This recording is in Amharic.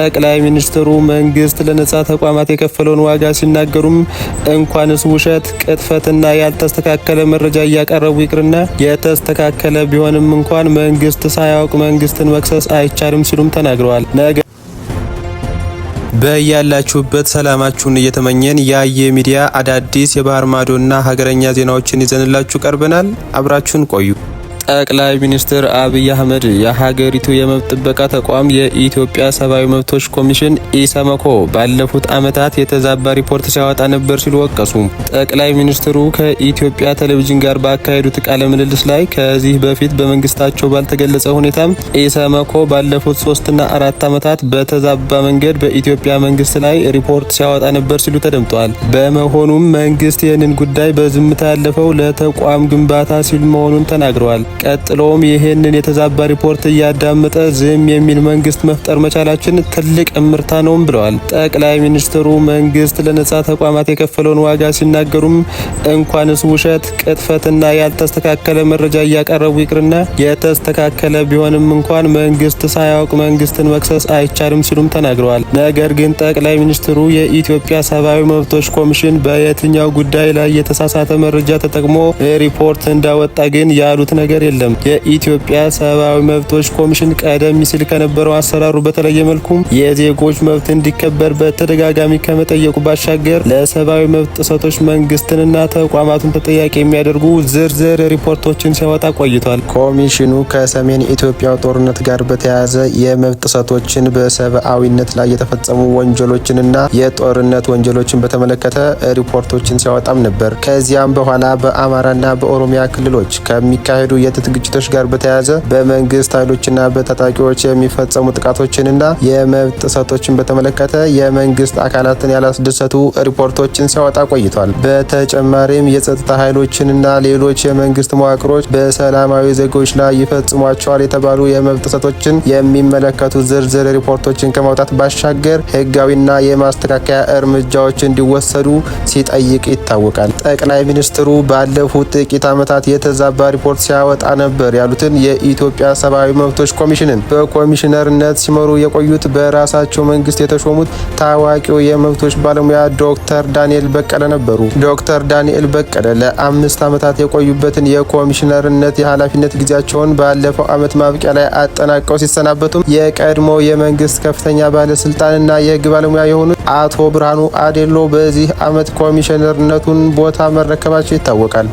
ጠቅላይ ሚኒስትሩ መንግስት ለነጻ ተቋማት የከፈለውን ዋጋ ሲናገሩም እንኳንስ ውሸት፣ ቅጥፈትና ያልተስተካከለ መረጃ እያቀረቡ ይቅርና የተስተካከለ ቢሆንም እንኳን መንግስት ሳያውቅ መንግስትን መክሰስ አይቻልም ሲሉም ተናግረዋል። ነገ በያላችሁበት ሰላማችሁን እየተመኘን ያየ ሚዲያ አዳዲስ የባህር ማዶና ሀገረኛ ዜናዎችን ይዘንላችሁ ቀርበናል። አብራችሁን ቆዩ። ጠቅላይ ሚኒስትር አብይ አህመድ የሀገሪቱ የመብት ጥበቃ ተቋም የኢትዮጵያ ሰብአዊ መብቶች ኮሚሽን ኢሰመኮ ባለፉት ዓመታት የተዛባ ሪፖርት ሲያወጣ ነበር ሲሉ ወቀሱ። ጠቅላይ ሚኒስትሩ ከኢትዮጵያ ቴሌቪዥን ጋር ባካሄዱት ቃለ ምልልስ ላይ ከዚህ በፊት በመንግስታቸው ባልተገለጸ ሁኔታ ኢሰመኮ ባለፉት ሶስትና አራት ዓመታት በተዛባ መንገድ በኢትዮጵያ መንግስት ላይ ሪፖርት ሲያወጣ ነበር ሲሉ ተደምጠዋል። በመሆኑም መንግስት ይህንን ጉዳይ በዝምታ ያለፈው ለተቋም ግንባታ ሲል መሆኑን ተናግረዋል። ቀጥሎም ይህንን የተዛባ ሪፖርት እያዳመጠ ዝም የሚል መንግስት መፍጠር መቻላችን ትልቅ እምርታ ነውም ብለዋል። ጠቅላይ ሚኒስትሩ መንግስት ለነጻ ተቋማት የከፈለውን ዋጋ ሲናገሩም እንኳንስ ውሸት፣ ቅጥፈትና ያልተስተካከለ መረጃ እያቀረቡ ይቅርና የተስተካከለ ቢሆንም እንኳን መንግስት ሳያውቅ መንግስትን መክሰስ አይቻልም ሲሉም ተናግረዋል። ነገር ግን ጠቅላይ ሚኒስትሩ የኢትዮጵያ ሰብአዊ መብቶች ኮሚሽን በየትኛው ጉዳይ ላይ የተሳሳተ መረጃ ተጠቅሞ ሪፖርት እንዳወጣ ግን ያሉት ነገር አይደለም። የኢትዮጵያ ሰብአዊ መብቶች ኮሚሽን ቀደም ሲል ከነበረው አሰራሩ በተለየ መልኩ የዜጎች መብት እንዲከበር በተደጋጋሚ ከመጠየቁ ባሻገር ለሰብአዊ መብት ጥሰቶች መንግስትንና ተቋማቱን ተጠያቂ የሚያደርጉ ዝርዝር ሪፖርቶችን ሲያወጣ ቆይቷል። ኮሚሽኑ ከሰሜን ኢትዮጵያ ጦርነት ጋር በተያያዘ የመብት ጥሰቶችን በሰብአዊነት ላይ የተፈጸሙ ወንጀሎችንና የጦርነት ወንጀሎችን በተመለከተ ሪፖርቶችን ሲያወጣም ነበር። ከዚያም በኋላ በአማራና በኦሮሚያ ክልሎች ከሚካሄዱ የት ከሚያካትት ግጭቶች ጋር በተያያዘ በመንግስት ኃይሎችና በታጣቂዎች የሚፈጸሙ ጥቃቶችንና የመብት ጥሰቶችን በተመለከተ የመንግስት አካላትን ያላስደሰቱ ሪፖርቶችን ሲያወጣ ቆይቷል። በተጨማሪም የጸጥታ ኃይሎችንና ሌሎች የመንግስት መዋቅሮች በሰላማዊ ዜጎች ላይ ይፈጽሟቸዋል የተባሉ የመብት ጥሰቶችን የሚመለከቱ ዝርዝር ሪፖርቶችን ከማውጣት ባሻገር ህጋዊና የማስተካከያ እርምጃዎች እንዲወሰዱ ሲጠይቅ ይታወቃል። ጠቅላይ ሚኒስትሩ ባለፉት ጥቂት ዓመታት የተዛባ ሪፖርት ሲያወጣ ነበር ያሉትን የኢትዮጵያ ሰብአዊ መብቶች ኮሚሽንን በኮሚሽነርነት ሲመሩ የቆዩት በራሳቸው መንግስት የተሾሙት ታዋቂው የመብቶች ባለሙያ ዶክተር ዳንኤል በቀለ ነበሩ። ዶክተር ዳንኤል በቀለ ለአምስት ዓመታት የቆዩበትን የኮሚሽነርነት የኃላፊነት ጊዜያቸውን ባለፈው ዓመት ማብቂያ ላይ አጠናቀው ሲሰናበቱም የቀድሞ የመንግስት ከፍተኛ ባለስልጣንና የህግ ባለሙያ የሆኑት አቶ ብርሃኑ አዴሎ በዚህ ዓመት ኮሚሽነርነቱን ቦታ መረከባቸው ይታወቃል።